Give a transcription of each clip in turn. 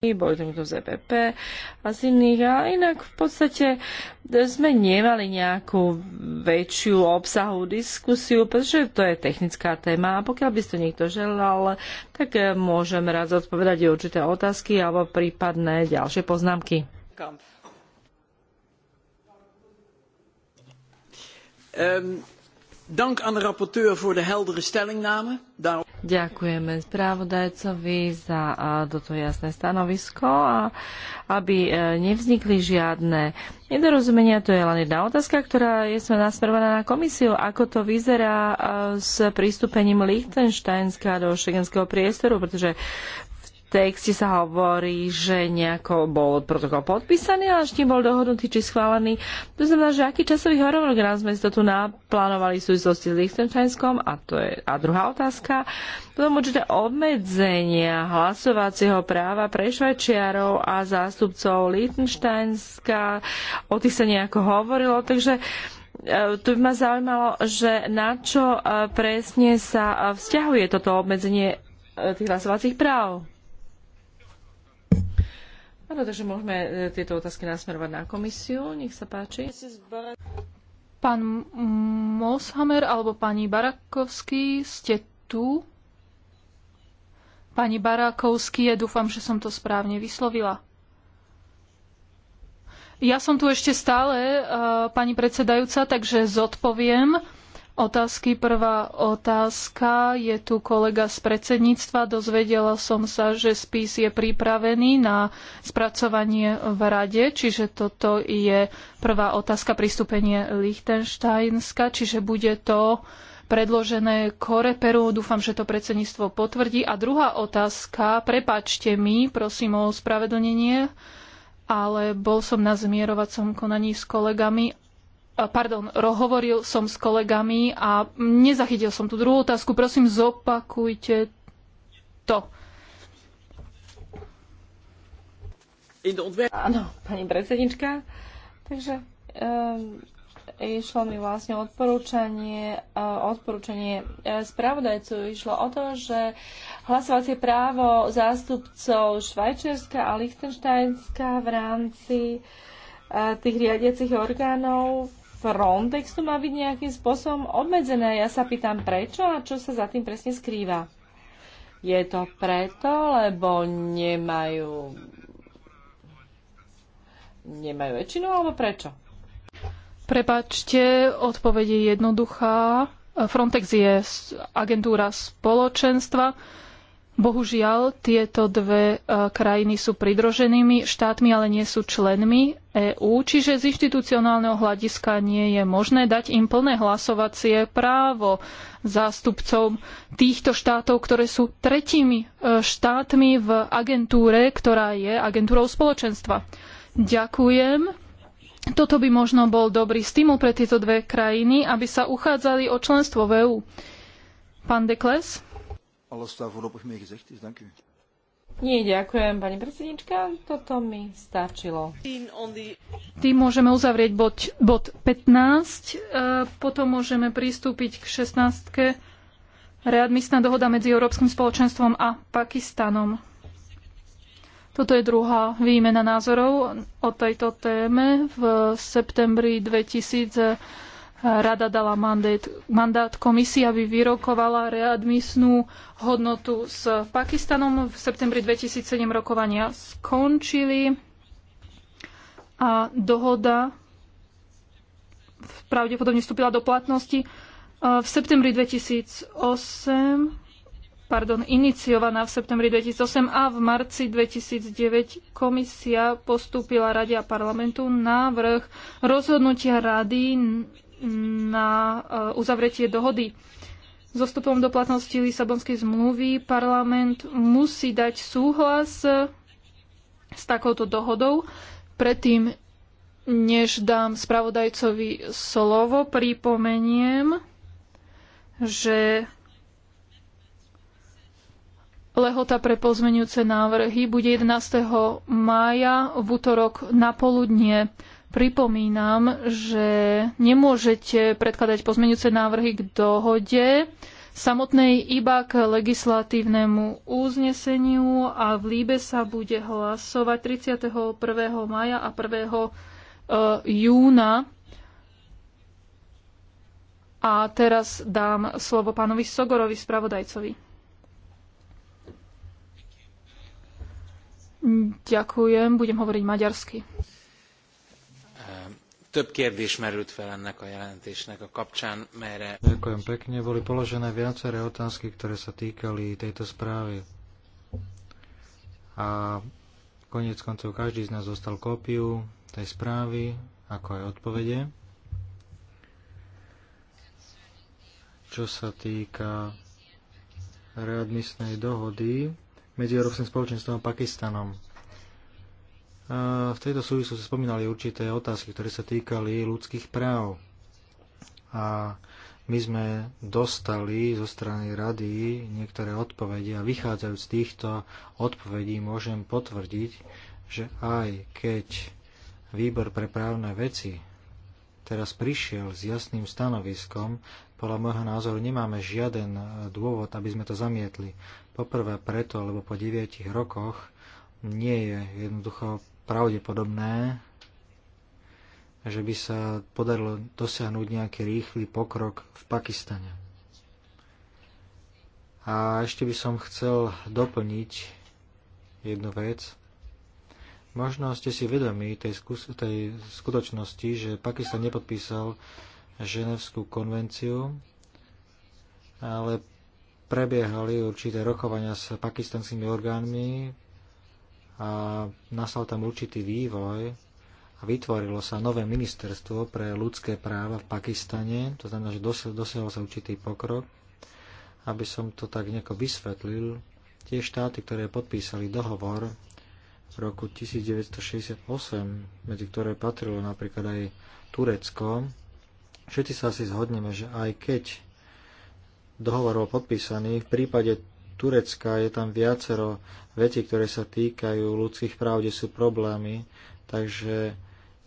boli tam to z EPP a z iných a inak v podstate sme nemali nejakú väčšiu obsahovú diskusiu, pretože to je technická téma a pokiaľ by ste niekto želal, tak eh, môžem rád zodpovedať určité otázky alebo prípadné ďalšie poznámky. Um. Dank aan de rapporteur voor de heldere stellingname. Ďakujeme správodajcovi za toto jasné stanovisko a aby e, nevznikli žiadne nedorozumenia, to je len jedna otázka, ktorá je nasmerovaná na komisiu. Ako to vyzerá e, s pristúpením Liechtensteinska do šengenského priestoru, pretože texte sa hovorí, že nejako bol protokol podpísaný, ale ešte bol dohodnutý či schválený. To znamená, že aký časový harmonogram sme si to tu naplánovali v súvislosti s Liechtensteinskom a to je a druhá otázka. Potom určite obmedzenia hlasovacieho práva pre Švajčiarov a zástupcov Liechtensteinska. O tých sa nejako hovorilo, takže e, tu by ma zaujímalo, že na čo e, presne sa e, vzťahuje toto obmedzenie tých hlasovacích práv. Áno, takže môžeme e, tieto otázky nasmerovať na komisiu. Nech sa páči. Pán Moshammer alebo pani Barakovský, ste tu? Pani Barakovský, ja dúfam, že som to správne vyslovila. Ja som tu ešte stále, e, pani predsedajúca, takže zodpoviem otázky. Prvá otázka je tu kolega z predsedníctva. Dozvedela som sa, že spis je pripravený na spracovanie v rade, čiže toto je prvá otázka pristúpenie Lichtenštajnska, čiže bude to predložené Koreperu. Dúfam, že to predsedníctvo potvrdí. A druhá otázka, prepáčte mi, prosím o spravedlnenie, ale bol som na zmierovacom konaní s kolegami pardon, hovoril som s kolegami a nezachytil som tú druhú otázku. Prosím, zopakujte to. Áno, pani predsednička. Takže ehm, išlo mi vlastne odporúčanie, uh, odporúčanie e, spravodajcu. Išlo o to, že hlasovacie právo zástupcov Švajčiarska a Lichtensteinska v rámci e, tých riadiacich orgánov Frontexu má byť nejakým spôsobom obmedzené. Ja sa pýtam prečo a čo sa za tým presne skrýva. Je to preto, lebo nemajú nemajú väčšinu, alebo prečo? Prepačte, odpovede je jednoduchá. Frontex je agentúra spoločenstva Bohužiaľ, tieto dve e, krajiny sú pridruženými štátmi, ale nie sú členmi EÚ, čiže z inštitucionálneho hľadiska nie je možné dať im plné hlasovacie právo zástupcom týchto štátov, ktoré sú tretími e, štátmi v agentúre, ktorá je agentúrou spoločenstva. Ďakujem. Toto by možno bol dobrý stimul pre tieto dve krajiny, aby sa uchádzali o členstvo v EÚ. Pán Dekles? alles daar voorlopig mee gezegd is. Dank u. Nie, ďakujem, pani predsednička. Toto mi stačilo. Tým môžeme uzavrieť bod, bod 15. E, potom môžeme pristúpiť k 16. Readmisná dohoda medzi Európskym spoločenstvom a Pakistanom. Toto je druhá výmena názorov o tejto téme v septembri 2000 Rada dala mandát, mandát komisii, aby vyrokovala readmisnú hodnotu s Pakistanom. V septembri 2007 rokovania skončili a dohoda pravdepodobne vstúpila do platnosti e, v septembri 2008 pardon, iniciovaná v septembri 2008 a v marci 2009 komisia postúpila Rade a parlamentu návrh rozhodnutia Rady na e, uzavretie dohody. So vstupom do platnosti Lisabonskej zmluvy parlament musí dať súhlas s takouto dohodou. Predtým, než dám spravodajcovi slovo, pripomeniem, že lehota pre pozmenujúce návrhy bude 11. mája v útorok na poludnie. Pripomínam, že nemôžete predkladať pozmeňujúce návrhy k dohode samotnej iba k legislatívnemu uzneseniu a v Líbe sa bude hlasovať 31. maja a 1. E, júna. A teraz dám slovo pánovi Sogorovi, spravodajcovi. Ďakujem, budem hovoriť maďarsky. Több kérdés merült fel ennek a jelentésnek a kapcsán, melyre... Ďakujem pekne. Boli položené viaceré otázky, ktoré sa týkali tejto správy. A konec koncov každý z nás dostal kópiu tej správy, ako aj odpovede. Čo sa týka readmisnej dohody medzi Európskym spoločenstvom a Pakistanom. V tejto súvislosti spomínali určité otázky, ktoré sa týkali ľudských práv. A my sme dostali zo strany rady niektoré odpovede a vychádzajúc z týchto odpovedí môžem potvrdiť, že aj keď výbor pre právne veci teraz prišiel s jasným stanoviskom, podľa môjho názoru nemáme žiaden dôvod, aby sme to zamietli. Poprvé preto, lebo po 9 rokoch nie je jednoducho pravdepodobné, že by sa podarilo dosiahnuť nejaký rýchly pokrok v Pakistane. A ešte by som chcel doplniť jednu vec. Možno ste si vedomi tej, skus- tej skutočnosti, že Pakistan nepodpísal Ženevskú konvenciu, ale prebiehali určité rokovania s pakistanskými orgánmi, a nastal tam určitý vývoj a vytvorilo sa nové ministerstvo pre ľudské práva v Pakistane, to znamená, že dosiahol sa určitý pokrok. Aby som to tak nejako vysvetlil, tie štáty, ktoré podpísali dohovor v roku 1968, medzi ktoré patrilo napríklad aj Turecko, všetci sa asi zhodneme, že aj keď dohovor bol podpísaný, v prípade Turecka. Je tam viacero veci, ktoré sa týkajú ľudských práv, kde sú problémy, takže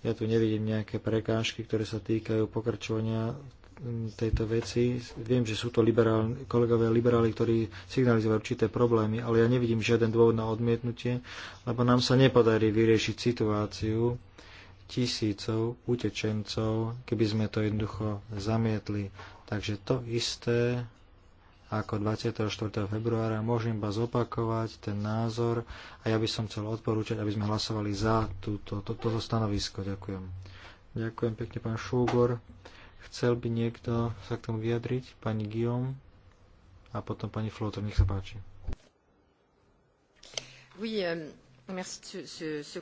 ja tu nevidím nejaké prekážky, ktoré sa týkajú pokračovania tejto veci. Viem, že sú to liberál, kolegovia liberáli, ktorí signalizujú určité problémy, ale ja nevidím žiaden dôvod na odmietnutie, lebo nám sa nepodarí vyriešiť situáciu, tisícov utečencov, keby sme to jednoducho zamietli. Takže to isté ako 24. februára. Môžem iba zopakovať ten názor a ja by som chcel odporúčať, aby sme hlasovali za túto, to, toto stanovisko. Ďakujem. Ďakujem pekne, pán Šúgor. Chcel by niekto sa k tomu vyjadriť? Pani Guillaume a potom pani Flotter. Nech sa páči. Oui, um, merci, ce, ce...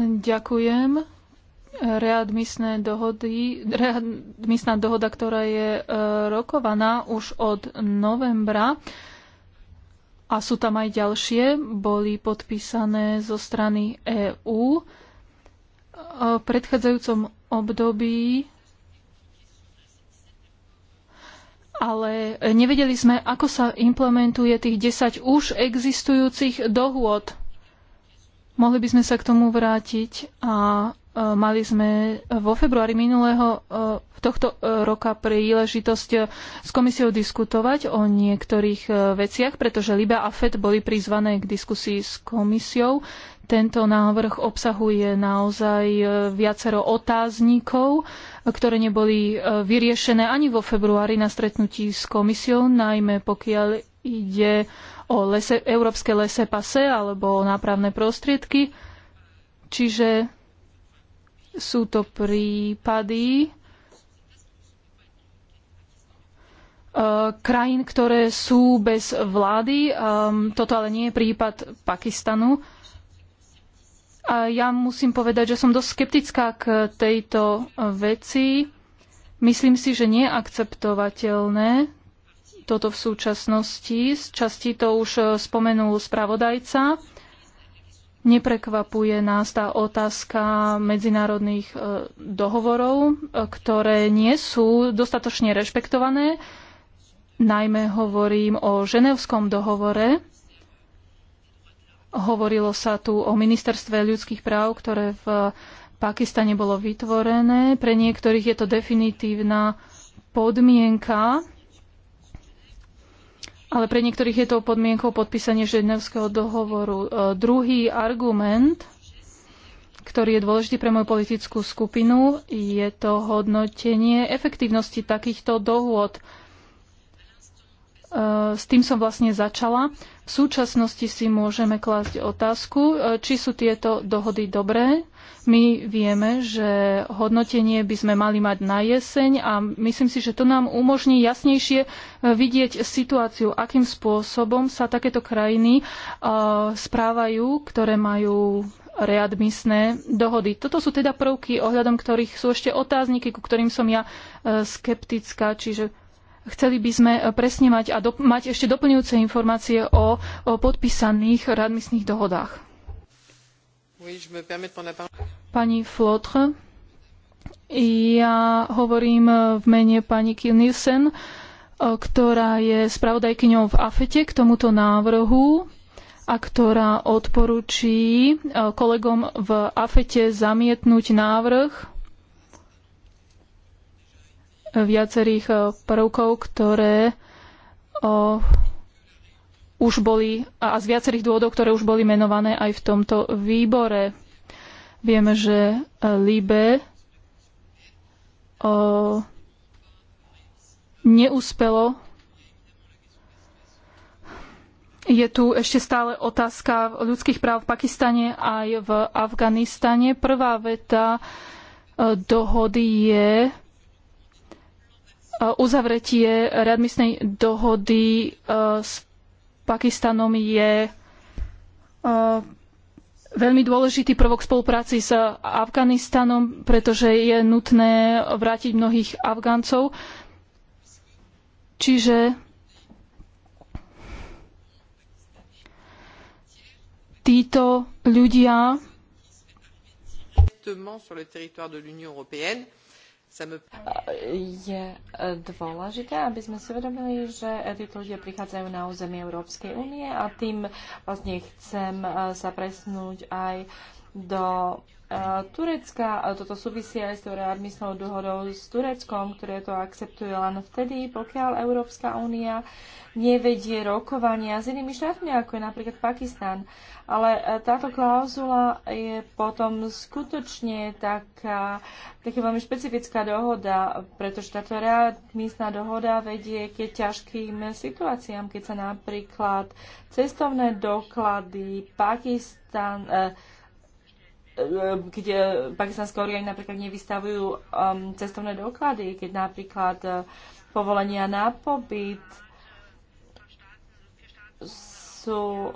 Ďakujem readmisné dohody, readmisná dohoda, ktorá je e, rokovaná už od novembra a sú tam aj ďalšie, boli podpísané zo strany EÚ. E, v predchádzajúcom období ale nevedeli sme, ako sa implementuje tých 10 už existujúcich dohôd. Mohli by sme sa k tomu vrátiť a E, mali sme e, vo februári minulého e, tohto roka príležitosť s komisiou diskutovať o niektorých veciach, pretože Liba a FED boli prizvané k diskusii s komisiou. Tento návrh obsahuje naozaj viacero otáznikov, ktoré neboli vyriešené ani vo februári na stretnutí s komisiou, najmä pokiaľ ide o lese, európske lese pase alebo o nápravné prostriedky. Čiže sú to prípady e, krajín, ktoré sú bez vlády. E, toto ale nie je prípad Pakistanu. A ja musím povedať, že som dosť skeptická k tejto veci. Myslím si, že nie je akceptovateľné toto v súčasnosti. Z časti to už e, spomenul spravodajca. Neprekvapuje nás tá otázka medzinárodných e, dohovorov, e, ktoré nie sú dostatočne rešpektované. Najmä hovorím o Ženevskom dohovore. Hovorilo sa tu o ministerstve ľudských práv, ktoré v Pakistane bolo vytvorené. Pre niektorých je to definitívna podmienka ale pre niektorých je to podmienkou podpísania Ženevského dohovoru. E, druhý argument, ktorý je dôležitý pre moju politickú skupinu, je to hodnotenie efektívnosti takýchto dohôd. E, s tým som vlastne začala. V súčasnosti si môžeme klásť otázku, e, či sú tieto dohody dobré. My vieme, že hodnotenie by sme mali mať na jeseň a myslím si, že to nám umožní jasnejšie e, vidieť situáciu, akým spôsobom sa takéto krajiny správajú, ktoré majú readmisné dohody. Toto sú teda prvky, ohľadom ktorých sú ešte otázniky, ku ktorým som ja skeptická, čiže Chceli by sme e, presne mať a do, mať ešte doplňujúce informácie o, o podpísaných radmisných dohodách. Pani Flotre, ja hovorím e, v mene pani Kiel Nielsen, e, ktorá je spravodajkyňou v AFETE k tomuto návrhu a ktorá odporučí kolegom v AFETE zamietnúť návrh viacerých e, prvkov, ktoré o, už boli, a z viacerých dôvodov, ktoré už boli menované aj v tomto výbore. Vieme, že e, Libe o, neúspelo. Je tu ešte stále otázka ľudských práv v Pakistane aj v Afganistane. Prvá veta e, dohody je E, uzavretie readmisnej dohody e, s Pakistanom je e, veľmi dôležitý prvok spolupráci s Afganistanom, pretože je nutné vrátiť mnohých Afgáncov. Čiže títo ľudia je dôležité, aby sme si uvedomili, že títo ľudia prichádzajú na územie Európskej únie a tým vlastne chcem eh, sa presnúť aj do eh, Turecka. toto súvisí aj s tou readmisnou dohodou s Tureckom, ktoré to akceptuje len vtedy, pokiaľ Európska únia nevedie rokovania s inými štátmi, ako je napríklad Pakistan. Ale eh, táto klauzula je potom skutočne taká, taká veľmi špecifická dohoda, pretože táto readmisná dohoda vedie k ťažkým situáciám, keď sa napríklad cestovné doklady Pakistan, eh, E, keď pakistanské orgány napríklad nevystavujú um, cestovné doklady, keď napríklad uh, povolenia na pobyt sú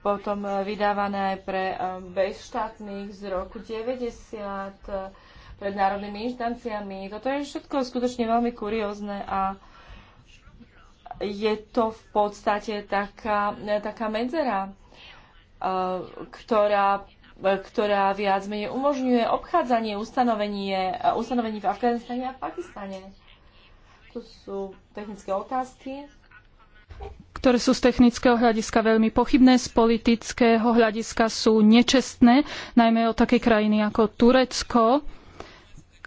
potom vydávané aj pre e, bezštátnych z roku 90 pred národnými inštanciami. Toto je všetko skutočne veľmi kuriózne a je to v podstate taká, taká medzera, ktorá ktorá viac menej umožňuje obchádzanie e, ustanovení v Afganistane a v Pakistane. To sú technické otázky ktoré sú z technického hľadiska veľmi pochybné, z politického hľadiska sú nečestné, najmä od také krajiny ako Turecko,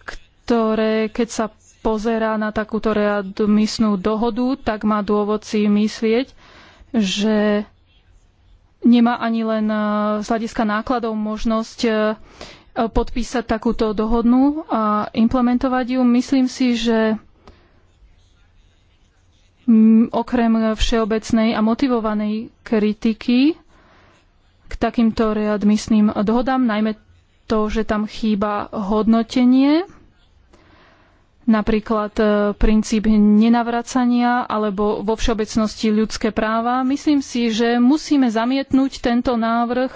ktoré keď sa pozerá na takúto readmisnú dohodu, tak má dôvod si myslieť, že nemá ani len e, z hľadiska nákladov možnosť e, podpísať takúto dohodnú a implementovať ju. Myslím si, že okrem všeobecnej a motivovanej kritiky k takýmto readmisným dohodám, najmä to, že tam chýba hodnotenie napríklad e, princíp nenavracania alebo vo všeobecnosti ľudské práva. Myslím si, že musíme zamietnúť tento návrh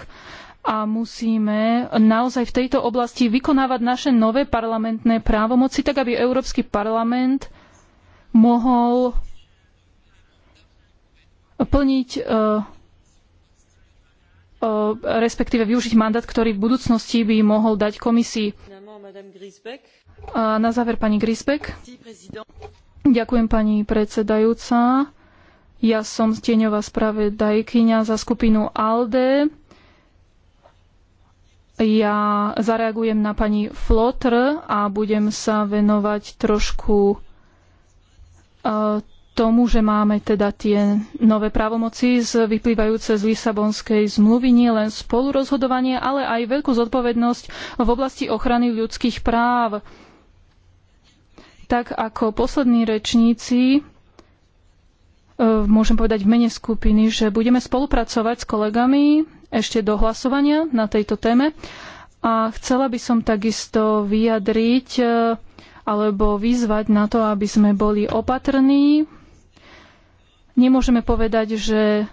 a musíme naozaj v tejto oblasti vykonávať naše nové parlamentné právomoci, tak aby Európsky parlament mohol plniť e, e, respektíve využiť mandát, ktorý v budúcnosti by mohol dať komisii. A na záver pani Grisbeck. Ďakujem pani predsedajúca. Ja som tieňová spravedajkyňa za skupinu ALDE. Ja zareagujem na pani Flotr a budem sa venovať trošku e, tomu, že máme teda tie nové právomoci vyplývajúce z Lisabonskej zmluvy, nie len spolurozhodovanie, ale aj veľkú zodpovednosť v oblasti ochrany ľudských práv tak ako poslední rečníci e, môžem povedať v mene skupiny, že budeme spolupracovať s kolegami ešte do hlasovania na tejto téme. A chcela by som takisto vyjadriť e, alebo vyzvať na to, aby sme boli opatrní. Nemôžeme povedať, že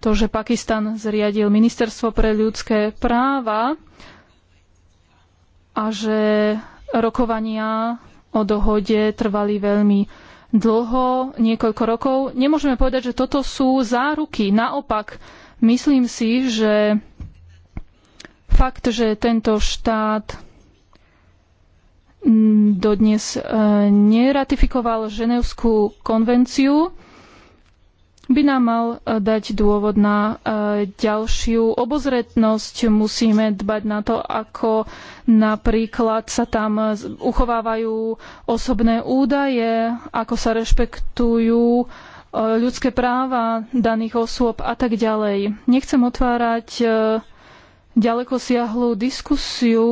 to, že Pakistan zriadil Ministerstvo pre ľudské práva a že rokovania o dohode trvali veľmi dlho, niekoľko rokov. Nemôžeme povedať, že toto sú záruky. Naopak, myslím si, že fakt, že tento štát mm, dodnes e, neratifikoval Ženevskú konvenciu, by nám mal e, dať dôvod na e, ďalšiu obozretnosť. Musíme dbať na to, ako napríklad sa tam uchovávajú osobné údaje, ako sa rešpektujú e, ľudské práva daných osôb a tak ďalej. Nechcem otvárať ďaleko siahlú diskusiu.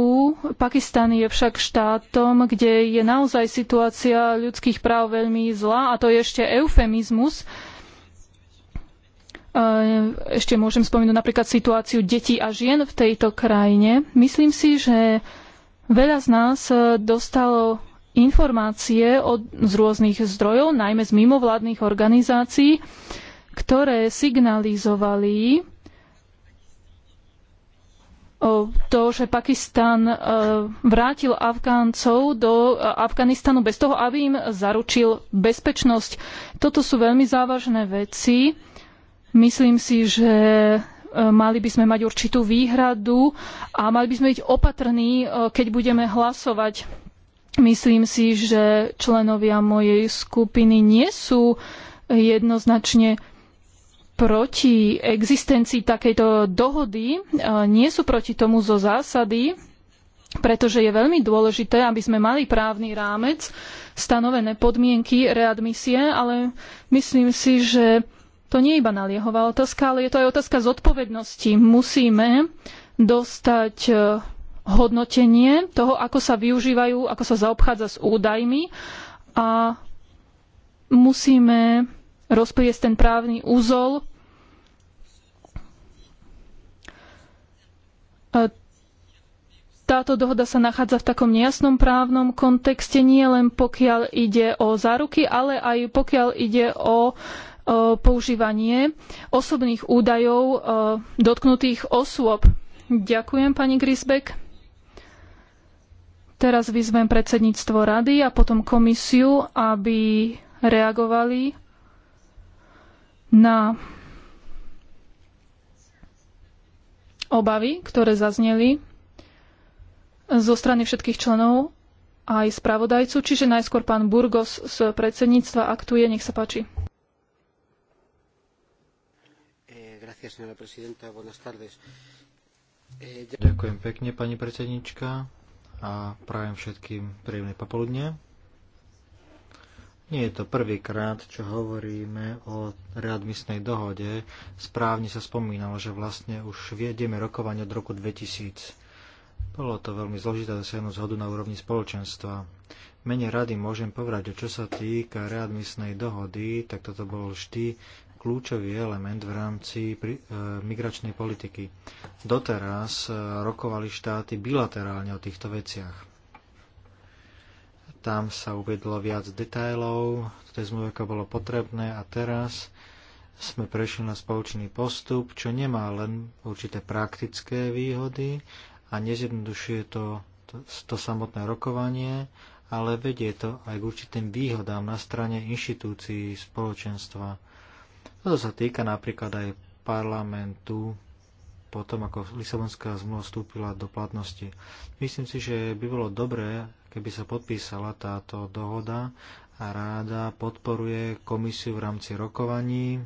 Pakistan je však štátom, kde je naozaj situácia ľudských práv veľmi zlá a to je ešte eufemizmus, Eh, ešte môžem spomenúť napríklad situáciu detí a žien v tejto krajine. Myslím si, že veľa z nás eh, dostalo informácie od, z rôznych zdrojov, najmä z mimovládnych organizácií, ktoré signalizovali to, že Pakistan eh, vrátil Afgáncov do Afganistanu bez toho, aby im zaručil bezpečnosť. Toto sú veľmi závažné veci Myslím si, že e, mali by sme mať určitú výhradu a mali by sme byť opatrní, e, keď budeme hlasovať. Myslím si, že členovia mojej skupiny nie sú jednoznačne proti existencii takejto dohody, e, nie sú proti tomu zo zásady, pretože je veľmi dôležité, aby sme mali právny rámec, stanovené podmienky readmisie, ale myslím si, že to nie je iba naliehová otázka, ale je to aj otázka zodpovednosti. Musíme dostať e, hodnotenie toho, ako sa využívajú, ako sa zaobchádza s údajmi a musíme rozpliesť ten právny úzol. Táto dohoda sa nachádza v takom nejasnom právnom kontexte, nie len pokiaľ ide o záruky, ale aj pokiaľ ide o E, používanie osobných údajov e, dotknutých osôb. Ďakujem, pani Grisbeck. Teraz vyzvem predsedníctvo rady a potom komisiu, aby reagovali na obavy, ktoré zazneli zo strany všetkých členov aj spravodajcu. Čiže najskôr pán Burgos z predsedníctva, ak tu je, nech sa páči. Eh, Ďakujem pekne, pani predsednička a prajem všetkým príjemné popoludne. Nie je to prvýkrát, čo hovoríme o readmisnej dohode. Správne sa spomínalo, že vlastne už viedieme rokovanie od roku 2000. Bolo to veľmi zložité dosiahnuť zhodu na úrovni spoločenstva. Menej rady môžem povedať, že čo sa týka readmisnej dohody, tak toto bol vždy kľúčový element v rámci e, migračnej politiky. Doteraz e, rokovali štáty bilaterálne o týchto veciach. Tam sa uvedlo viac detajlov, to je zmluve, ako bolo potrebné a teraz sme prešli na spoločný postup, čo nemá len určité praktické výhody a nezjednodušuje to, to, to samotné rokovanie, ale vedie to aj k určitým výhodám na strane inštitúcií spoločenstva. To sa týka napríklad aj parlamentu potom, ako Lisabonská zmluva vstúpila do platnosti. Myslím si, že by bolo dobré, keby sa podpísala táto dohoda a ráda podporuje komisiu v rámci rokovaní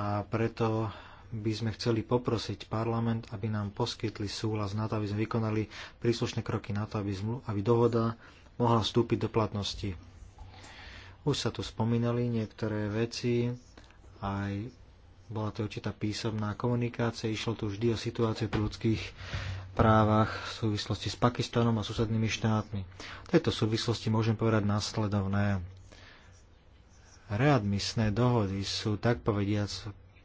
a preto by sme chceli poprosiť parlament, aby nám poskytli súhlas na to, aby sme vykonali príslušné kroky na to, aby, zmlu- aby dohoda mohla vstúpiť do platnosti. Už sa tu spomínali niektoré veci, aj bola to určitá písomná komunikácia, išlo tu vždy o situáciu pri ľudských právach v súvislosti s Pakistanom a susednými štátmi. V tejto súvislosti môžem povedať následovné. Readmisné dohody sú tak povediac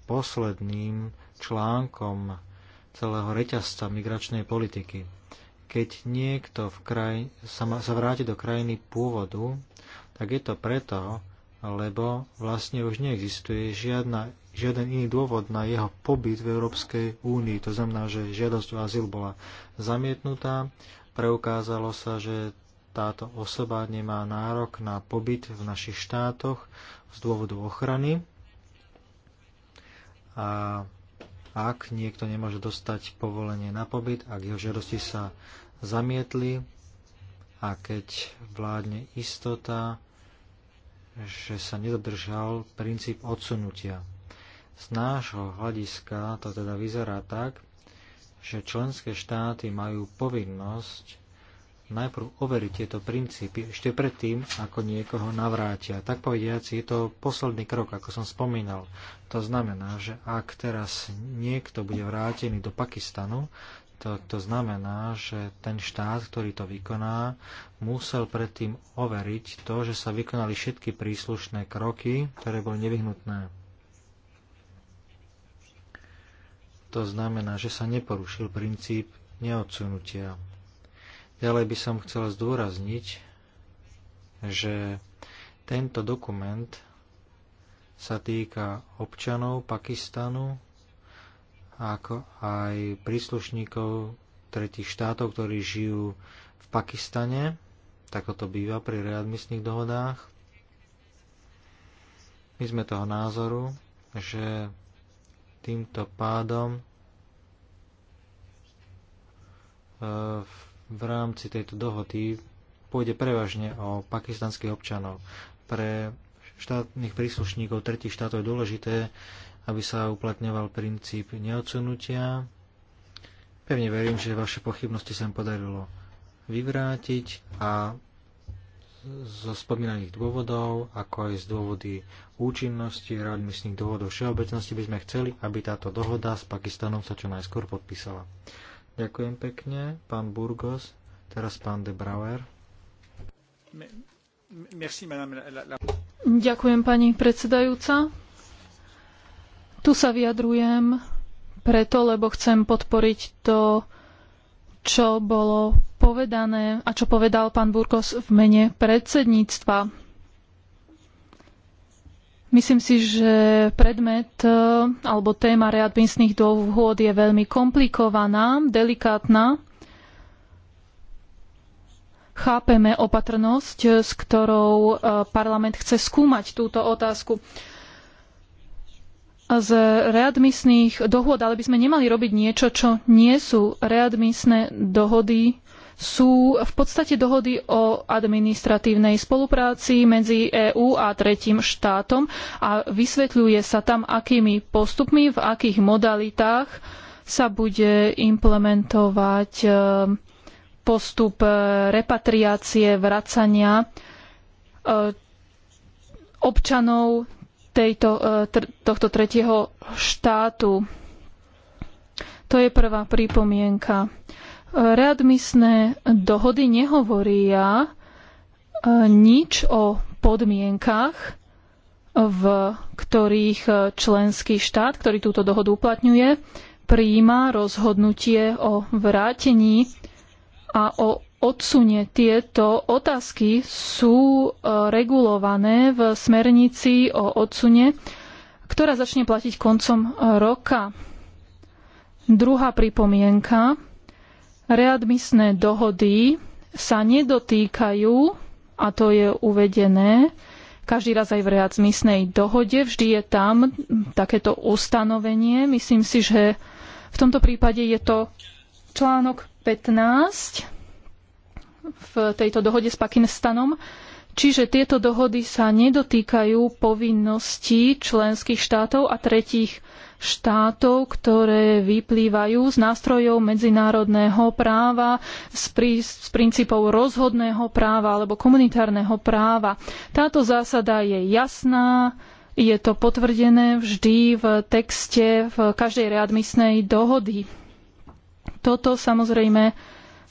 posledným článkom celého reťazca migračnej politiky. Keď niekto v kraj, sa, sa vráti do krajiny pôvodu, tak je to preto, lebo vlastne už neexistuje žiadna, žiaden iný dôvod na jeho pobyt v Európskej únii. To znamená, že žiadosť o azyl bola zamietnutá, preukázalo sa, že táto osoba nemá nárok na pobyt v našich štátoch z dôvodu ochrany a ak niekto nemôže dostať povolenie na pobyt, ak jeho žiadosti sa zamietli a keď vládne istota, že sa nedodržal princíp odsunutia. Z nášho hľadiska to teda vyzerá tak, že členské štáty majú povinnosť najprv overiť tieto princípy ešte predtým, ako niekoho navrátia. Tak povediac, je to posledný krok, ako som spomínal. To znamená, že ak teraz niekto bude vrátený do Pakistanu, to, to znamená, že ten štát, ktorý to vykoná, musel predtým overiť to, že sa vykonali všetky príslušné kroky, ktoré boli nevyhnutné. To znamená, že sa neporušil princíp neodsunutia. Ďalej by som chcel zdôrazniť, že tento dokument sa týka občanov Pakistanu, ako aj príslušníkov tretich štátov, ktorí žijú v Pakistane. Tak to býva pri readmisných dohodách. My sme toho názoru, že týmto pádom e, v rámci tejto dohody pôjde prevažne o pakistanských občanov. Pre štátnych príslušníkov tretich štátov je dôležité, aby sa uplatňoval princíp neodsunutia. Pevne verím, že vaše pochybnosti sa podarilo vyvrátiť a zo spomínaných dôvodov, ako aj z dôvody účinnosti, readmisných dôvodov všeobecnosti by sme chceli, aby táto dohoda s Pakistanom sa čo najskôr podpísala. Ďakujem pekne, pán Burgos, teraz pán De Brauer. Merci, Ďakujem, pani predsedajúca. Tu sa vyjadrujem preto, lebo chcem podporiť to, čo bolo povedané a čo povedal pán Burkos v mene predsedníctva. Myslím si, že predmet e, alebo téma readmisných dôvod je veľmi komplikovaná, delikátna. Chápeme opatrnosť, s ktorou e, parlament chce skúmať túto otázku z readmisných dohôd, ale by sme nemali robiť niečo, čo nie sú readmisné dohody sú v podstate dohody o administratívnej spolupráci medzi EÚ a tretím štátom a vysvetľuje sa tam, akými postupmi, v akých modalitách sa bude implementovať e, postup repatriácie, vracania e, občanov tejto, e, tohto tretieho štátu. To je prvá pripomienka. E, readmisné dohody nehovoria e, nič o podmienkach, v ktorých členský štát, ktorý túto dohodu uplatňuje, prijíma rozhodnutie o vrátení a o odsunie tieto otázky sú e, regulované v smernici o odsune, ktorá začne platiť koncom e, roka. Druhá pripomienka. Readmisné dohody sa nedotýkajú, a to je uvedené, každý raz aj v readmisnej dohode, vždy je tam takéto ustanovenie. Myslím si, že v tomto prípade je to článok 15 v tejto dohode s Pakistanom. Čiže tieto dohody sa nedotýkajú povinností členských štátov a tretích štátov, ktoré vyplývajú z nástrojov medzinárodného práva, z, prí, z princípov rozhodného práva alebo komunitárneho práva. Táto zásada je jasná, je to potvrdené vždy v texte v každej readmisnej dohody. Toto samozrejme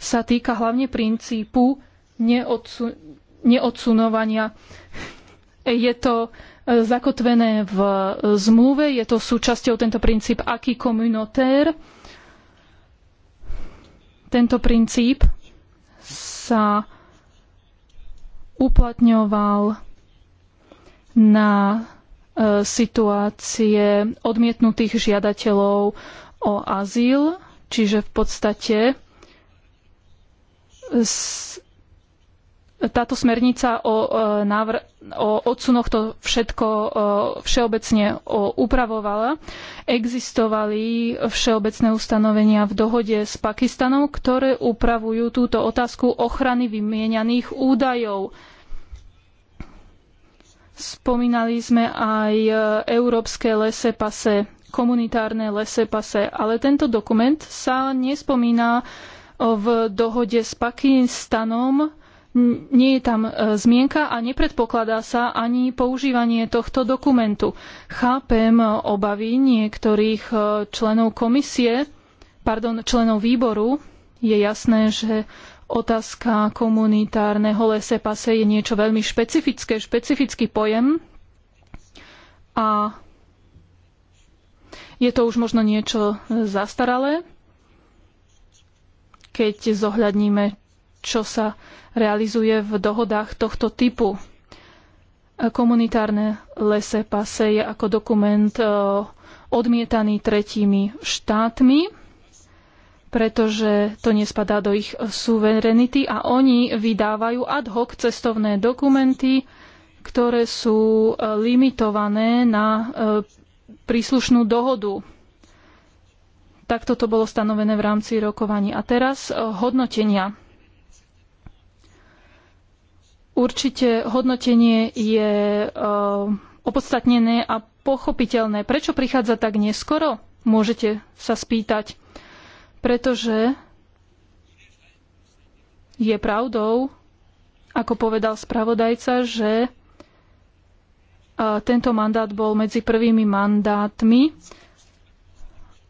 sa týka hlavne princípu neodsu- neodsunovania. Je to e, zakotvené v e, zmluve, je to súčasťou tento princíp aký komunotér. Tento princíp sa uplatňoval na e, situácie odmietnutých žiadateľov o azyl, čiže v podstate táto smernica o, e, návr- o odsunoch to všetko e, všeobecne e, upravovala. Existovali všeobecné ustanovenia v dohode s Pakistanom, ktoré upravujú túto otázku ochrany vymieňaných údajov. Spomínali sme aj európske lese pase, komunitárne lese pase, ale tento dokument sa nespomína v dohode s Pakistanom nie je tam e, zmienka a nepredpokladá sa ani používanie tohto dokumentu. Chápem e, obavy niektorých e, členov komisie, pardon, členov výboru. Je jasné, že otázka komunitárneho lese pase je niečo veľmi špecifické, špecifický pojem. A je to už možno niečo zastaralé, keď zohľadníme, čo sa realizuje v dohodách tohto typu. Komunitárne lese pase je ako dokument e, odmietaný tretími štátmi, pretože to nespadá do ich suverenity a oni vydávajú ad hoc cestovné dokumenty, ktoré sú limitované na e, príslušnú dohodu Takto to bolo stanovené v rámci rokovaní. A teraz eh, hodnotenia. Určite hodnotenie je eh, opodstatnené a pochopiteľné. Prečo prichádza tak neskoro? Môžete sa spýtať. Pretože je pravdou, ako povedal spravodajca, že eh, tento mandát bol medzi prvými mandátmi,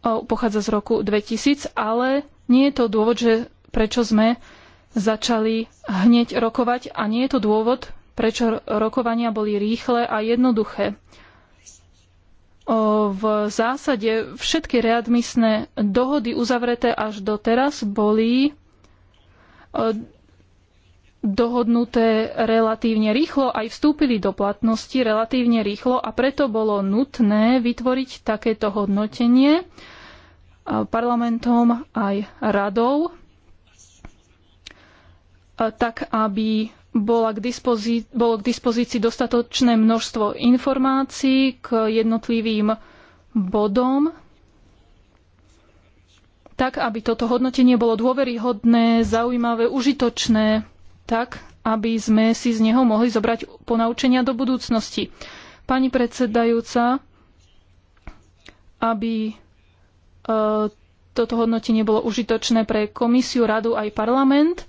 pochádza z roku 2000, ale nie je to dôvod, že prečo sme začali hneď rokovať a nie je to dôvod, prečo rokovania boli rýchle a jednoduché. V zásade všetky readmisné dohody uzavreté až doteraz boli dohodnuté relatívne rýchlo, aj vstúpili do platnosti relatívne rýchlo a preto bolo nutné vytvoriť takéto hodnotenie parlamentom aj radou, tak aby bola k dispozí- bolo k dispozícii dostatočné množstvo informácií k jednotlivým bodom tak, aby toto hodnotenie bolo dôveryhodné, zaujímavé, užitočné tak, aby sme si z neho mohli zobrať ponaučenia do budúcnosti. Pani predsedajúca, aby e, toto hodnotenie bolo užitočné pre komisiu, radu aj parlament.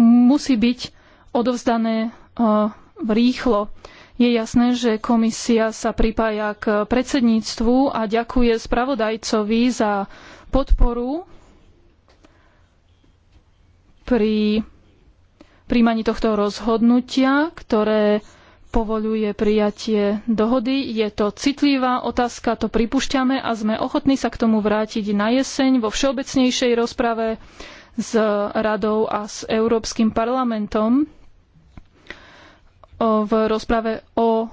Musí byť odovzdané e, rýchlo. Je jasné, že komisia sa pripája k predsedníctvu a ďakuje spravodajcovi za podporu pri príjmaní tohto rozhodnutia, ktoré povoľuje prijatie dohody. Je to citlivá otázka, to pripúšťame a sme ochotní sa k tomu vrátiť na jeseň vo všeobecnejšej rozprave s radou a s Európskym parlamentom v rozprave o e,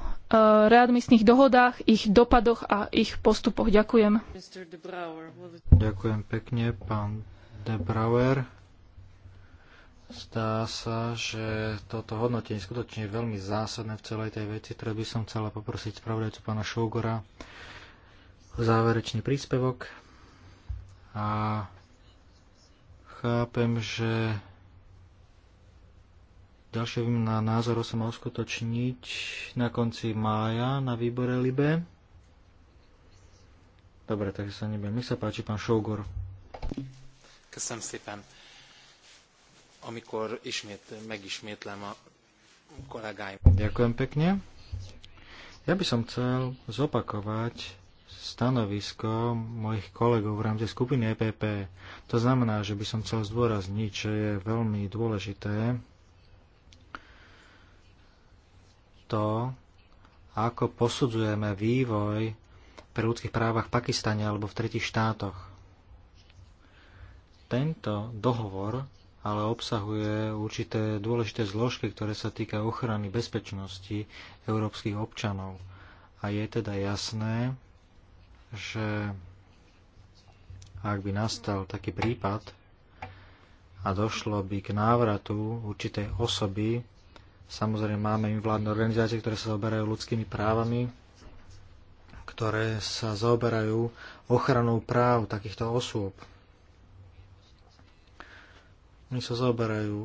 readmisných dohodách, ich dopadoch a ich postupoch. Ďakujem. Ďakujem pekne, pán De Brauer. Zdá sa, že toto hodnotenie skutočne je veľmi zásadné v celej tej veci, ktoré by som chcela poprosiť spravodajcu pána Šougora záverečný príspevok a chápem, že Ďalšia výmena názorov sa má uskutočniť na konci mája na výbore Libe. Dobre, takže sa nebudem. Nech sa páči, pán Šogor. Köszönöm szépen. Amikor ismét, megismétlem a kollégáim. Ďakujem pekne. Ja by som chcel zopakovať stanovisko mojich kolegov v rámci skupiny EPP. To znamená, že by som chcel zdôrazniť, čo je veľmi dôležité to, ako posudzujeme vývoj pre ľudských právach v Pakistane alebo v tretich štátoch. Tento dohovor ale obsahuje určité dôležité zložky, ktoré sa týka ochrany bezpečnosti európskych občanov. A je teda jasné, že ak by nastal taký prípad a došlo by k návratu určitej osoby Samozrejme máme im vládne organizácie, ktoré sa zaoberajú ľudskými právami, ktoré sa zaoberajú ochranou práv takýchto osôb. Oni sa zaoberajú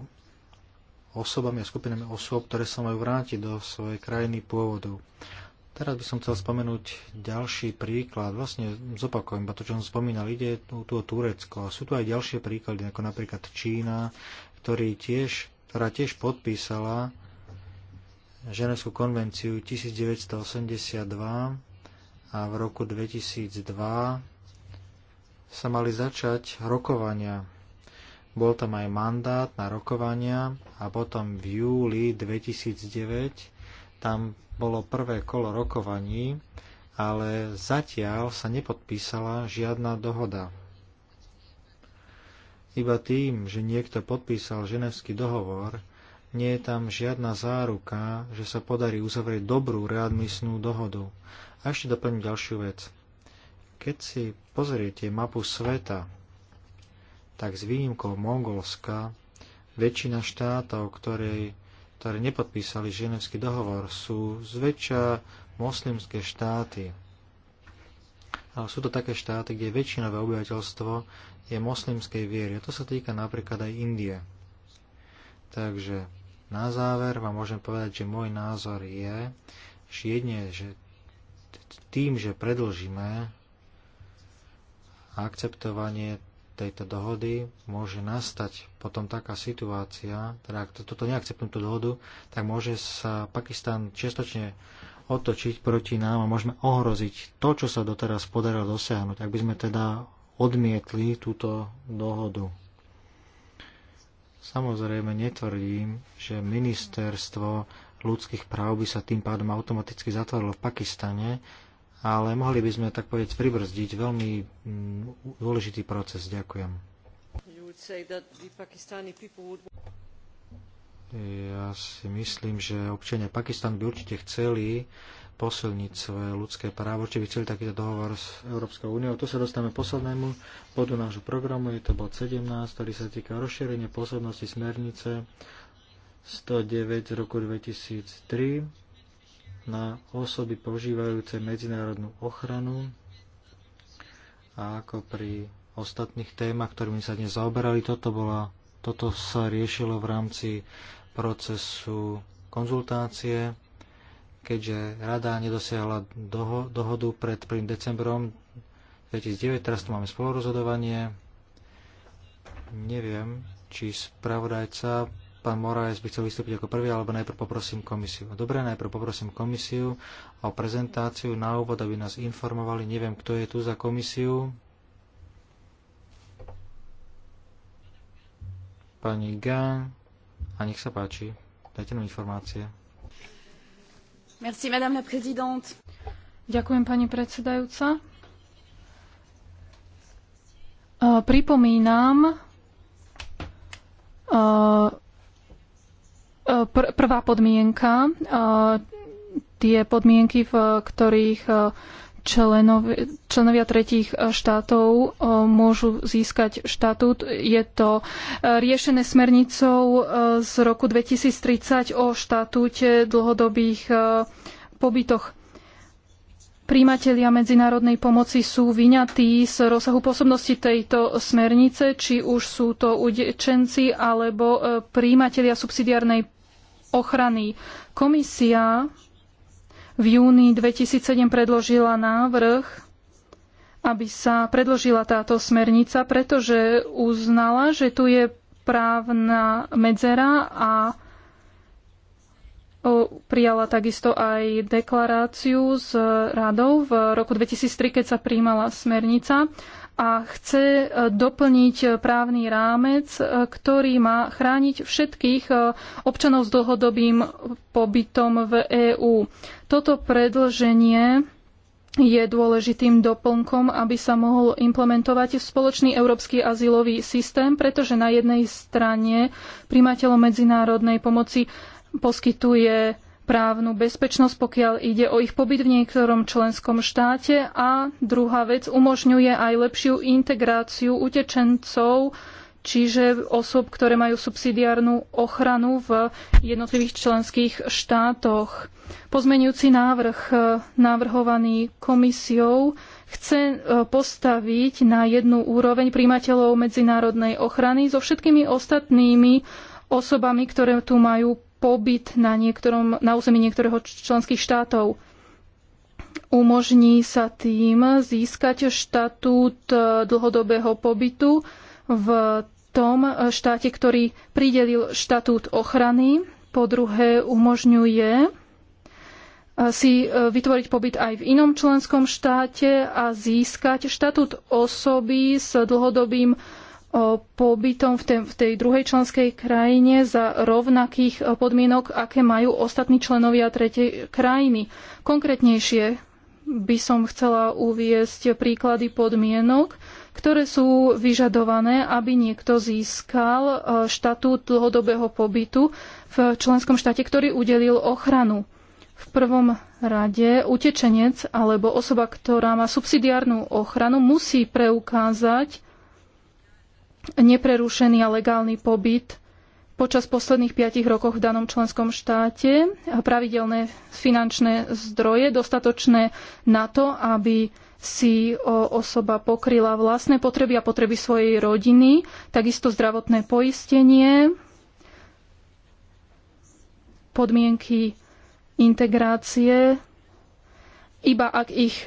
osobami a skupinami osôb, ktoré sa majú vrátiť do svojej krajiny pôvodu. Teraz by som chcel spomenúť ďalší príklad. Vlastne zopakujem, to, čo som spomínal, ide tu, tu o Turecko. A sú tu aj ďalšie príklady, ako napríklad Čína, ktorý tiež, ktorá tiež podpísala Ženevskú konvenciu 1982 a v roku 2002 sa mali začať rokovania. Bol tam aj mandát na rokovania a potom v júli 2009 tam bolo prvé kolo rokovaní, ale zatiaľ sa nepodpísala žiadna dohoda. Iba tým, že niekto podpísal ženevský dohovor, nie je tam žiadna záruka, že sa podarí uzavrieť dobrú readmisnú dohodu. A ešte doplním ďalšiu vec. Keď si pozriete mapu sveta, tak s výnimkou Mongolska väčšina štátov, ktorej, ktoré nepodpísali ženevský dohovor, sú zväčša moslimské štáty. Ale sú to také štáty, kde väčšinové obyvateľstvo je moslimskej viery. A to sa týka napríklad aj Indie. Takže na záver vám môžem povedať, že môj názor je, že jedne, že tým, že predlžíme akceptovanie tejto dohody, môže nastať potom taká situácia, teda ak toto neakceptujú tú dohodu, tak môže sa Pakistan čiastočne otočiť proti nám a môžeme ohroziť to, čo sa doteraz podarilo dosiahnuť, ak by sme teda odmietli túto dohodu. Samozrejme netvrdím, že ministerstvo ľudských práv by sa tým pádom automaticky zatvorilo v Pakistane, ale mohli by sme tak povedať pribrzdiť veľmi mm, dôležitý proces. Ďakujem. Ja si myslím, že občania Pakistan by určite chceli, posilniť svoje ľudské právo, či by chceli takýto dohovor s Európskou úniou. Tu sa dostávame poslednému bodu nášho programu, je to bod 17, ktorý sa týka rozšírenia pôsobnosti smernice 109 z roku 2003 na osoby požívajúce medzinárodnú ochranu a ako pri ostatných témach, ktorými sa dnes zaoberali, toto, bola, toto sa riešilo v rámci procesu konzultácie keďže rada nedosiahla doho- dohodu pred 1. decembrom 2009, teraz tu máme spolurozhodovanie. Neviem, či spravodajca pán Moraes by chcel vystúpiť ako prvý, alebo najprv poprosím komisiu. Dobre, najprv poprosím komisiu o prezentáciu na úvod, aby nás informovali. Neviem, kto je tu za komisiu. Pani Gan. A nech sa páči, dajte nám informácie. Merci, madame la présidente. Ďakujem, pani predsedajúca. E, pripomínam e, e, pr- prvá podmienka, tie podmienky, v ktorých členov, členovia tretích e, štátov e, môžu získať štatút. Je to e, riešené smernicou z roku 2030 o štatúte dlhodobých pobytoch. Príjmatelia medzinárodnej pomoci sú vyňatí z rozsahu pôsobnosti tejto smernice, či už sú to udečenci alebo príjmatelia subsidiárnej ochrany. Komisia v júni 2007 predložila návrh aby sa predložila táto smernica, pretože uznala, že tu je právna medzera a prijala takisto aj deklaráciu s radou v roku 2003, keď sa príjmala smernica a chce e, doplniť e, právny rámec, e, ktorý má chrániť všetkých občanov s dlhodobým pobytom v EÚ. Toto predlženie je dôležitým doplnkom, aby sa mohol implementovať spoločný európsky azylový systém, pretože na jednej strane primateľom medzinárodnej pomoci poskytuje právnu bezpečnosť, pokiaľ ide o ich pobyt v niektorom členskom štáte. A druhá vec, umožňuje aj lepšiu integráciu utečencov, čiže osob, ktoré majú subsidiárnu ochranu v jednotlivých členských štátoch. Pozmenujúci návrh e, navrhovaný komisiou chce e, postaviť na jednu úroveň príjmateľov medzinárodnej ochrany so všetkými ostatnými osobami, ktoré tu majú pobyt na, niektorom, na území niektorého členských štátov. Umožní sa tým získať štatút e, dlhodobého pobytu v tom štáte, ktorý pridelil štatút ochrany. Po druhé, umožňuje e, si e, vytvoriť pobyt aj v inom členskom štáte a získať štatút osoby s dlhodobým pobytom v tej druhej členskej krajine za rovnakých podmienok, aké majú ostatní členovia tretej krajiny. Konkrétnejšie by som chcela uviesť príklady podmienok, ktoré sú vyžadované, aby niekto získal štatút dlhodobého pobytu v členskom štáte, ktorý udelil ochranu. V prvom rade utečenec alebo osoba, ktorá má subsidiárnu ochranu, musí preukázať, neprerušený a legálny pobyt počas posledných 5 rokov v danom členskom štáte, pravidelné finančné zdroje, dostatočné na to, aby si osoba pokryla vlastné potreby a potreby svojej rodiny, takisto zdravotné poistenie, podmienky integrácie iba ak ich e,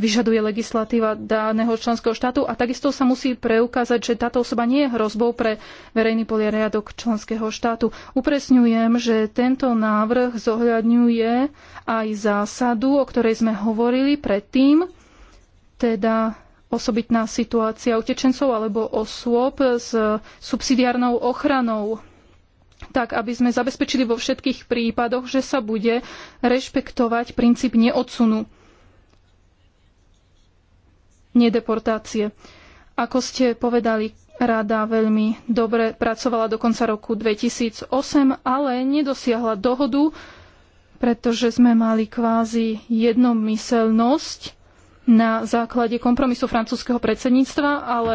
vyžaduje legislatíva daného členského štátu a takisto sa musí preukázať, že táto osoba nie je hrozbou pre verejný poliariadok členského štátu. Upresňujem, že tento návrh zohľadňuje aj zásadu, o ktorej sme hovorili predtým, teda osobitná situácia utečencov alebo osôb s subsidiárnou ochranou tak aby sme zabezpečili vo všetkých prípadoch, že sa bude rešpektovať princíp neodsunu, nedeportácie. Ako ste povedali, rada veľmi dobre pracovala do konca roku 2008, ale nedosiahla dohodu, pretože sme mali kvázi jednomyselnosť na základe kompromisu francúzskeho predsedníctva, ale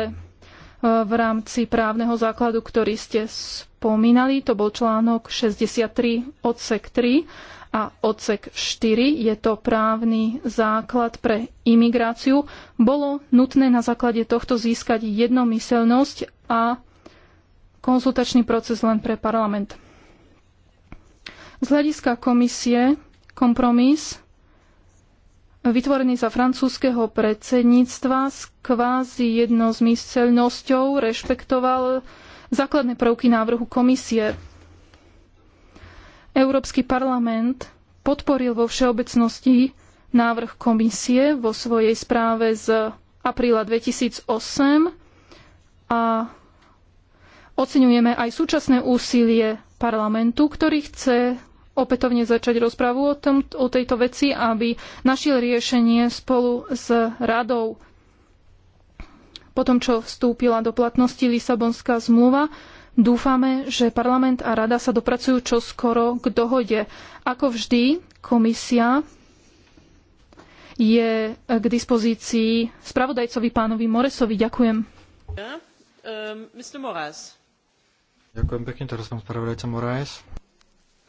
E, v rámci právneho základu, ktorý ste spomínali. To bol článok 63 odsek 3 a odsek 4. Je to právny základ pre imigráciu. Bolo nutné na základe tohto získať jednomyselnosť a konzultačný proces len pre parlament. Z hľadiska komisie kompromis vytvorený za francúzského predsedníctva s kvázi jednozmyselnosťou rešpektoval základné prvky návrhu komisie. Európsky parlament podporil vo všeobecnosti návrh komisie vo svojej správe z apríla 2008 a oceňujeme aj súčasné úsilie parlamentu, ktorý chce opätovne začať rozprávu o, tom, o tejto veci, aby našiel riešenie spolu s radou. Po tom, čo vstúpila do platnosti Lisabonská zmluva, dúfame, že parlament a rada sa dopracujú čoskoro k dohode. Ako vždy, komisia je k dispozícii spravodajcovi pánovi Moresovi. Ďakujem. Ja, um, Ďakujem pekne, teraz pán spravodajca Moraes.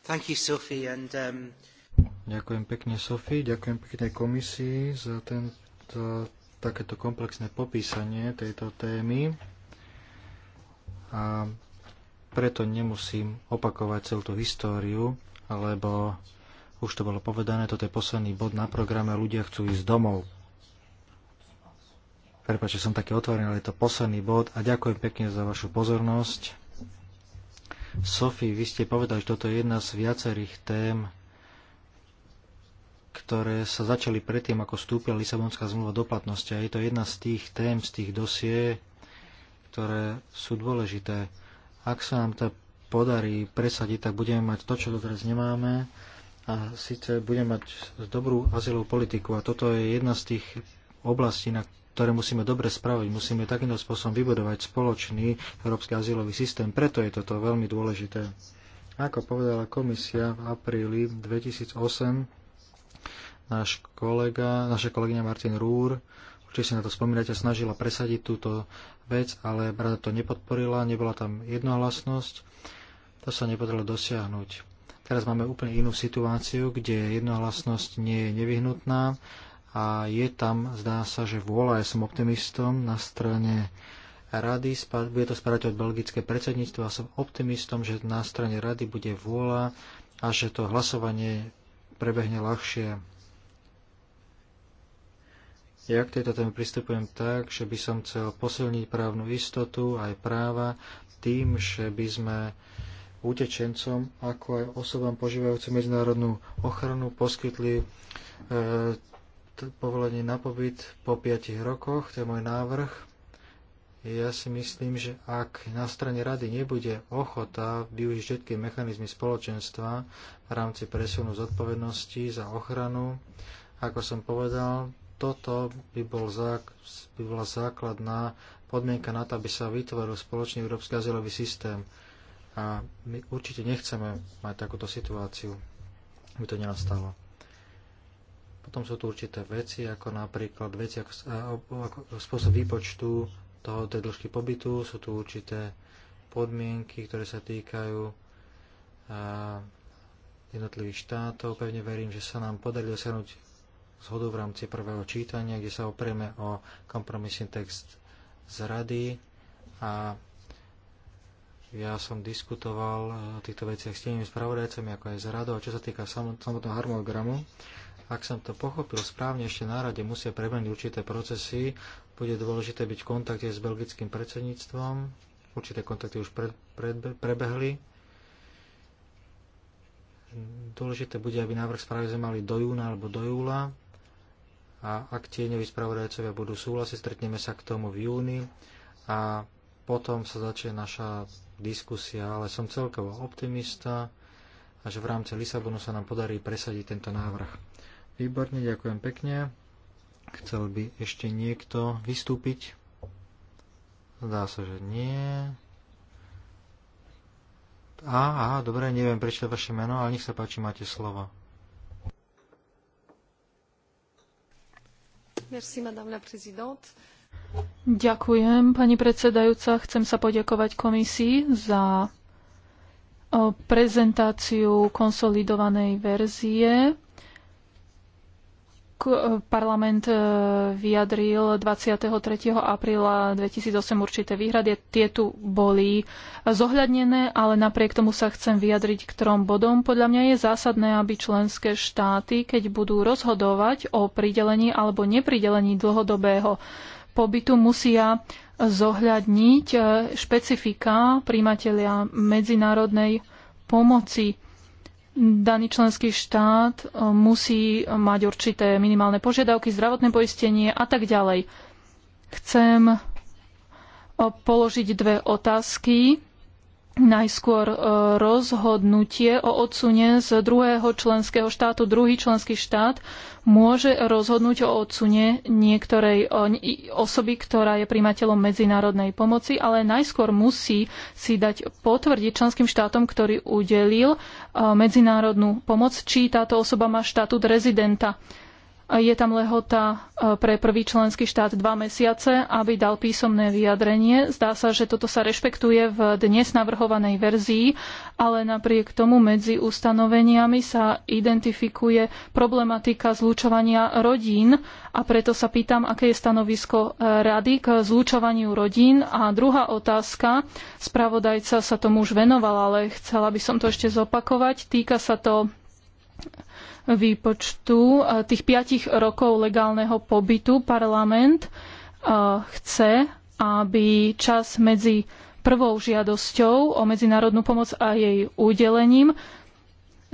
Thank you, Sophie, and, um... Ďakujem pekne, Sophie, ďakujem pekne komisii za, takéto komplexné popísanie tejto témy. A preto nemusím opakovať celú tú históriu, lebo už to bolo povedané, toto je posledný bod na programe, ľudia chcú ísť domov. Prepač, že som taký otvorený, ale je to posledný bod a ďakujem pekne za vašu pozornosť. Sofie, vy ste povedali, že toto je jedna z viacerých tém, ktoré sa začali predtým, ako vstúpila Lisabonská zmluva do platnosti. A je to jedna z tých tém, z tých dosie, ktoré sú dôležité. Ak sa nám to podarí presadiť, tak budeme mať to, čo doteraz nemáme. A síce budeme mať dobrú azylovú politiku. A toto je jedna z tých oblastí, na ktoré musíme dobre spraviť. Musíme takýmto spôsobom vybudovať spoločný európsky azylový systém. Preto je toto veľmi dôležité. Ako povedala komisia v apríli 2008, náš kolega, naša kolegyňa Martin Rúr, určite si na to spomínate, snažila presadiť túto vec, ale rada to nepodporila, nebola tam jednohlasnosť, to sa nepodarilo dosiahnuť. Teraz máme úplne inú situáciu, kde jednohlasnosť nie je nevyhnutná a je tam, zdá sa, že vôľa, ja som optimistom na strane rady, bude to spravať od belgické predsedníctvo a som optimistom, že na strane rady bude vôľa a že to hlasovanie prebehne ľahšie. Ja k tejto téme pristupujem tak, že by som chcel posilniť právnu istotu aj práva tým, že by sme utečencom, ako aj osobám požívajúcim medzinárodnú ochranu poskytli e, povolenie na pobyt po 5 rokoch, to je môj návrh. Ja si myslím, že ak na strane rady nebude ochota využiť všetky mechanizmy spoločenstva v rámci presunu zodpovednosti za ochranu, ako som povedal, toto by, bol zák- by bola základná podmienka na to, aby sa vytvoril spoločný európsky azylový systém. A my určite nechceme mať takúto situáciu, aby to nenastalo. Potom sú tu určité veci, ako napríklad veci ako, ako, spôsob výpočtu toho, tej dĺžky pobytu, sú tu určité podmienky, ktoré sa týkajú a, jednotlivých štátov. Pevne verím, že sa nám podarí dosiahnuť zhodu v rámci prvého čítania, kde sa oprieme o kompromisný text z rady a ja som diskutoval o týchto veciach s tými spravodajcami, ako aj z radou. A čo sa týka samotného harmonogramu, ak som to pochopil správne, ešte na rade musia prebehnúť určité procesy. Bude dôležité byť v kontakte s belgickým predsedníctvom. Určité kontakty už pre, pre, prebehli. Dôležité bude, aby návrh správy sme mali do júna alebo do júla. A ak tieňoví spravodajcovia budú súhlasiť, stretneme sa k tomu v júni a potom sa začne naša diskusia, ale som celkovo optimista a že v rámci Lisabonu sa nám podarí presadiť tento návrh. Výborne, ďakujem pekne. Chcel by ešte niekto vystúpiť? Zdá sa, že nie. Á, aha, dobre, neviem prečítať vaše meno, ale nech sa páči, máte slovo. Merci, madame la présidente. Ďakujem, pani predsedajúca. Chcem sa poďakovať komisii za prezentáciu konsolidovanej verzie Eh, parlament eh, vyjadril 23. apríla 2008 určité výhrady. Tie tu boli zohľadnené, ale napriek tomu sa chcem vyjadriť k trom bodom. Podľa mňa je zásadné, aby členské štáty, keď budú rozhodovať o pridelení alebo nepridelení dlhodobého pobytu, musia zohľadniť eh, špecifika príjmatelia medzinárodnej pomoci daný členský štát e, musí mať určité minimálne požiadavky, zdravotné poistenie a tak ďalej. Chcem e, položiť dve otázky najskôr e, rozhodnutie o odsune z druhého členského štátu. Druhý členský štát môže rozhodnúť o odsune niektorej osoby, ktorá je primateľom medzinárodnej pomoci, ale najskôr musí si dať potvrdiť členským štátom, ktorý udelil e, medzinárodnú pomoc, či táto osoba má štatút rezidenta. Je tam lehota e, pre prvý členský štát dva mesiace, aby dal písomné vyjadrenie. Zdá sa, že toto sa rešpektuje v dnes navrhovanej verzii, ale napriek tomu medzi ustanoveniami sa identifikuje problematika zlučovania rodín a preto sa pýtam, aké je stanovisko e, rady k zlučovaniu rodín. A druhá otázka, spravodajca sa tomu už venoval, ale chcela by som to ešte zopakovať, týka sa to výpočtu eh, tých 5 rokov legálneho pobytu parlament eh, chce, aby čas medzi prvou žiadosťou o medzinárodnú pomoc a jej udelením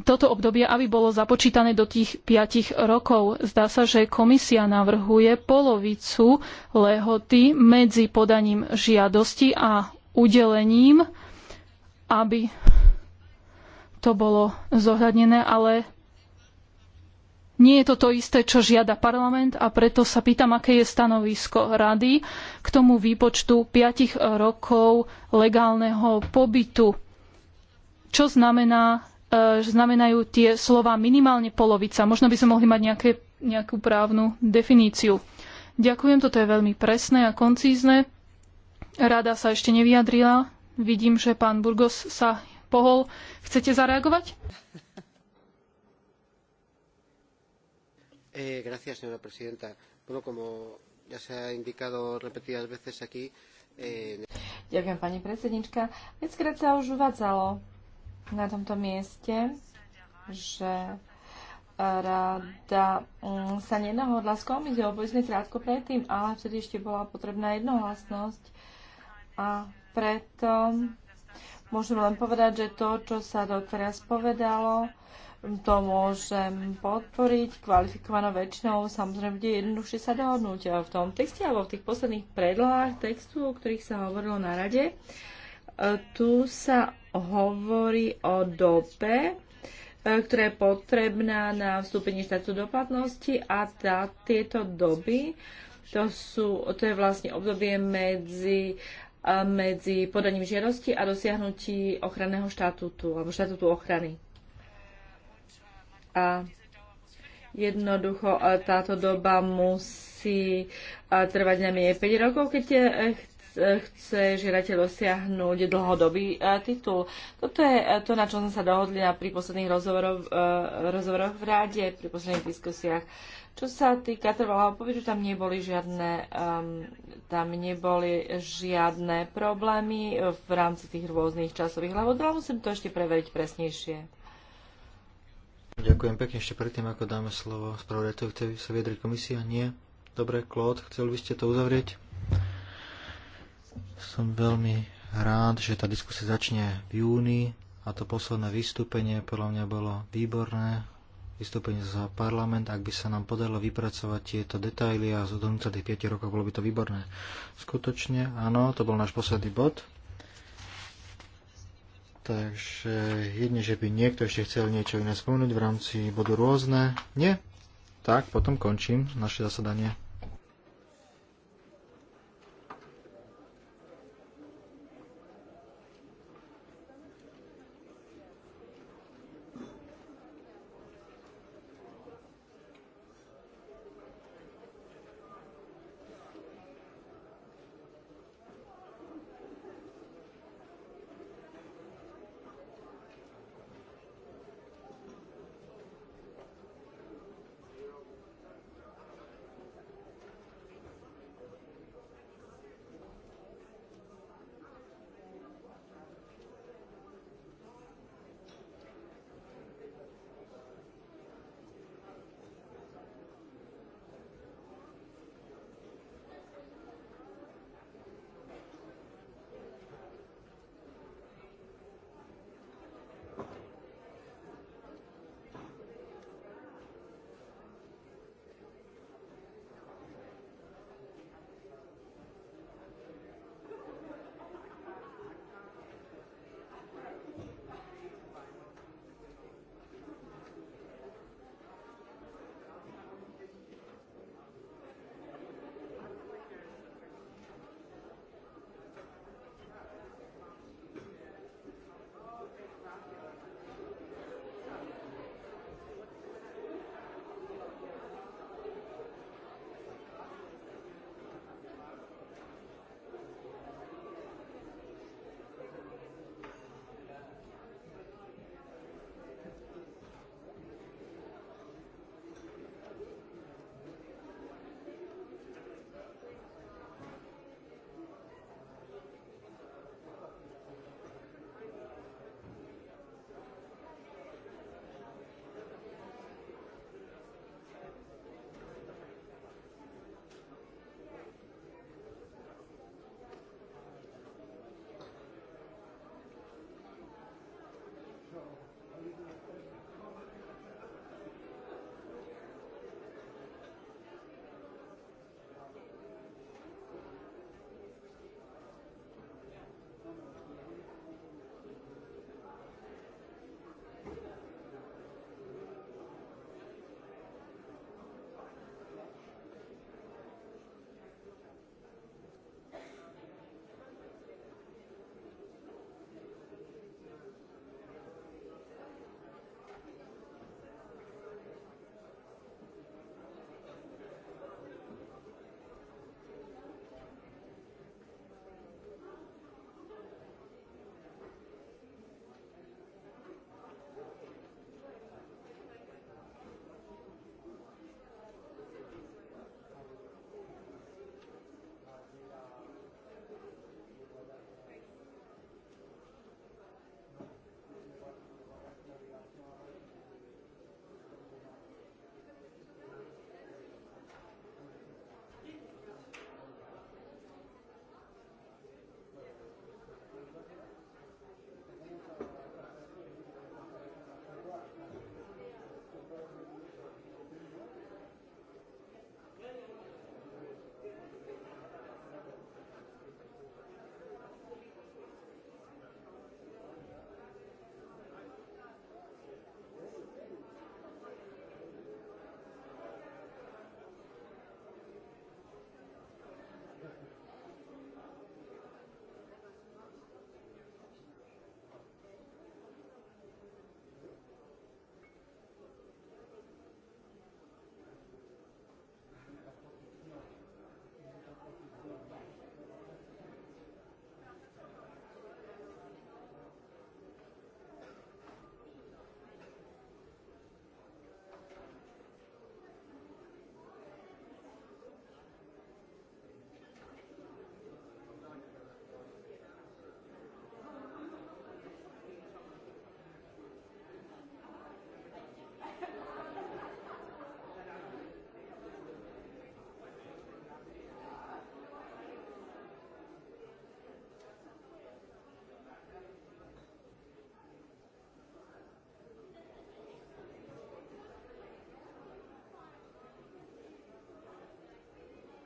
toto obdobie, aby bolo započítané do tých 5 rokov. Zdá sa, že komisia navrhuje polovicu lehoty medzi podaním žiadosti a udelením, aby to bolo zohľadnené, ale nie je to to isté, čo žiada parlament a preto sa pýtam, aké je stanovisko rady k tomu výpočtu 5 rokov legálneho pobytu. Čo znamená, e, znamenajú tie slova minimálne polovica? Možno by sme mohli mať nejaké, nejakú právnu definíciu. Ďakujem, toto je veľmi presné a koncízne. Rada sa ešte nevyjadrila. Vidím, že pán Burgos sa pohol. Chcete zareagovať? Eh, gracias, señora presidenta. Bueno, como ja sa indicado repetidas veces aquí, eh... Ďakujem, pani predsednička. Viackrát sa už uvádzalo na tomto mieste, že rada mm, sa nenahodla s komisiou, povedzme krátko predtým, ale vtedy ešte bola potrebná jednohlasnosť a preto môžem len povedať, že to, čo sa doteraz povedalo, to môžem podporiť kvalifikovanou väčšinou. Samozrejme, bude jednoduchšie sa dohodnúť v tom texte alebo v tých posledných predlohách textu, o ktorých sa hovorilo na rade. E, tu sa hovorí o dope, e, ktorá je potrebná na vstúpenie štátu do platnosti a tá, tieto doby, to, sú, to je vlastne obdobie medzi e, medzi podaním žiadosti a dosiahnutí ochranného štatútu alebo štatútu ochrany a jednoducho táto doba musí trvať najmenej 5 rokov, keď e, e, chce žiadateľ dosiahnuť dlhodobý e, titul. Toto je to, na čo sme sa dohodli na pri posledných rozhovoroch v ráde, pri posledných diskusiách. Čo sa týka trvalého pobytu, tam neboli žiadne, um, tam neboli žiadne problémy v rámci tých rôznych časových lehovodov, musím to ešte preveriť presnejšie. Ďakujem pekne. Ešte predtým, ako dáme slovo spravodajcovi, chce sa vyjadriť komisia? Nie? Dobre, Klód, chceli by ste to uzavrieť? Som veľmi rád, že tá diskusia začne v júni a to posledné vystúpenie podľa mňa bolo výborné vystúpenie za parlament, ak by sa nám podarilo vypracovať tieto detaily a zhodnúť sa tých 5 rokov, bolo by to výborné. Skutočne, áno, to bol náš posledný bod. Takže jedne, že by niekto ešte chcel niečo iné spomenúť v rámci bodu rôzne. Nie? Tak, potom končím naše zasadanie.